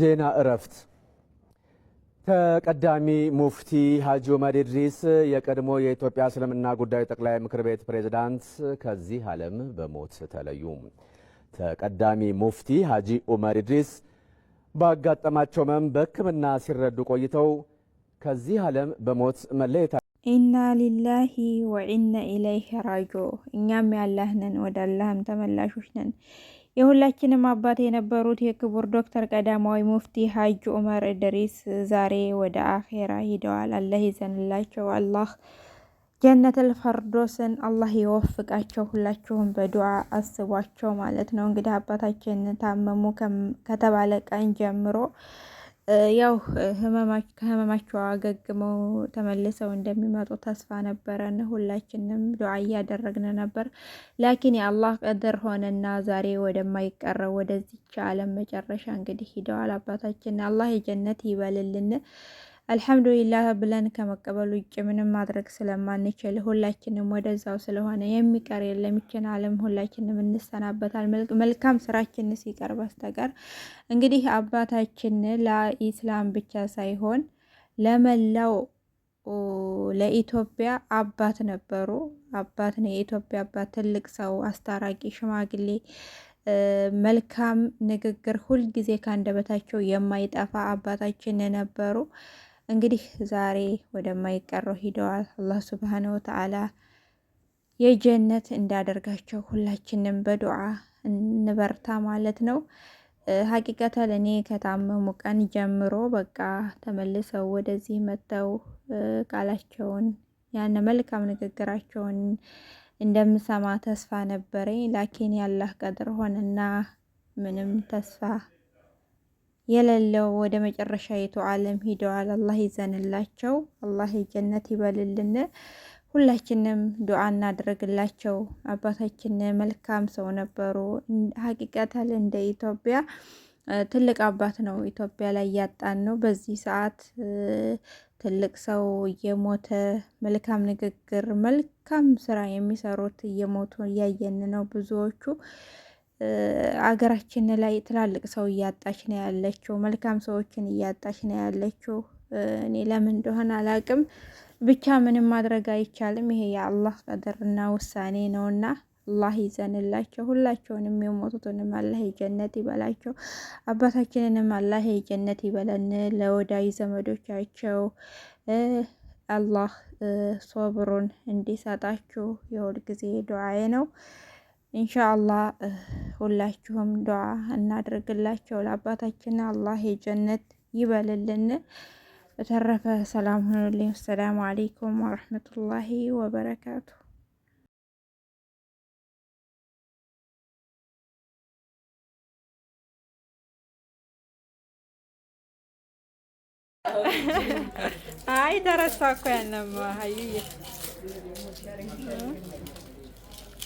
ዜና እረፍት። ተቀዳሚ ሙፍቲ ሀጂ ዑመር ኢድሪስ የቀድሞ የኢትዮጵያ እስልምና ጉዳዮች ጠቅላይ ምክር ቤት ፕሬዝዳንት ከዚህ ዓለም በሞት ተለዩ። ተቀዳሚ ሙፍቲ ሀጂ ዑመር ኢድሪስ ባጋጠማቸው መም በሕክምና ሲረዱ ቆይተው ከዚህ ዓለም በሞት መለየታ ኢና ሊላሂ ወኢና ኢለይሂ ራጂዑን። እኛም ያላህ ነን ወደ አላህም ተመላሾች ነን። የሁላችንም አባት የነበሩት የክቡር ዶክተር ቀዳማዊ ሙፍቲ ሀጅ ዑመር እድሪስ ዛሬ ወደ አኼራ ሂደዋል። አላህ ይዘንላቸው። አላህ ጀነተል ፈርዶስን አላህ ይወፍቃቸው። ሁላችሁም በዱዓ አስቧቸው ማለት ነው። እንግዲህ አባታችን ታመሙ ከተባለ ቀን ጀምሮ ያው ከህመማቸው አገግመው ተመልሰው እንደሚመጡ ተስፋ ነበረን። ሁላችንም ዱዓ እያደረግን ነበር። ላኪን የአላህ ቀድር ሆነና ዛሬ ወደማይቀረው ወደዚች ዓለም መጨረሻ እንግዲህ ሂደዋል አባታችን። አላህ የጀነት ይበልልን። አልሐምዱሊላህ ብለን ከመቀበል ውጭ ምንም ማድረግ ስለማንችል ሁላችንም ወደዛው ስለሆነ የሚቀር የለም። ይችን ዓለም ሁላችንም እንሰናበታል መልካም ስራችን ሲቀር በስተቀር። እንግዲህ አባታችን ለኢስላም ብቻ ሳይሆን ለመላው ለኢትዮጵያ አባት ነበሩ። አባት ነው፣ የኢትዮጵያ አባት፣ ትልቅ ሰው፣ አስታራቂ ሽማግሌ መልካም ንግግር ሁልጊዜ ከአንደበታቸው የማይጠፋ አባታችን ነበሩ። እንግዲህ ዛሬ ወደማይቀረው ሂደዋል። አላህ ስብሃነ ወተዓላ የጀነት እንዳደርጋቸው ሁላችንም በዱዓ እንበርታ ማለት ነው። ሀቂቀተ ለእኔ ከታመሙ ቀን ጀምሮ በቃ ተመልሰው ወደዚህ መጥተው ቃላቸውን ያን መልካም ንግግራቸውን እንደምሰማ ተስፋ ነበረኝ። ላኪን ያላህ ቀድር ሆነና ምንም ተስፋ የሌለው ወደ መጨረሻ የቱ ዓለም ሂደዋል። አላህ ይዘንላቸው፣ አላህ የጀነት ይበልልን። ሁላችንም ዱዓ እናድርግላቸው። አባታችን መልካም ሰው ነበሩ። ሀቂቀተል እንደ ኢትዮጵያ ትልቅ አባት ነው። ኢትዮጵያ ላይ ያጣን ነው። በዚህ ሰዓት ትልቅ ሰው እየሞተ መልካም ንግግር፣ መልካም ስራ የሚሰሩት እየሞቱ እያየን ነው ብዙዎቹ አገራችን ላይ ትላልቅ ሰው እያጣች ነው ያለችው። መልካም ሰዎችን እያጣች ነው ያለችው። እኔ ለምን እንደሆነ አላቅም። ብቻ ምንም ማድረግ አይቻልም። ይሄ የአላህ ቀደርና ውሳኔ ነውና አላህ ይዘንላቸው። ሁላቸውንም የሞቱትንም አላህ የጀነት ይበላቸው። አባታችንንም አላህ የጀነት ይበለን። ለወዳጅ ዘመዶቻቸው አላህ ሶብሩን እንዲሰጣችሁ የሁል ጊዜ ዱዓዬ ነው። ኢንሻአላህ ሁላችሁም ዱዓ እናድርግላቸው ለአባታችን አላህ የጀነት ይበልልን። በተረፈ ሰላም ሁኑልኝ። ሰላም አሌይኩም ወረህመቱላሂ ወበረካቱ። አይ ተረሳ ያነማ ሀይዬ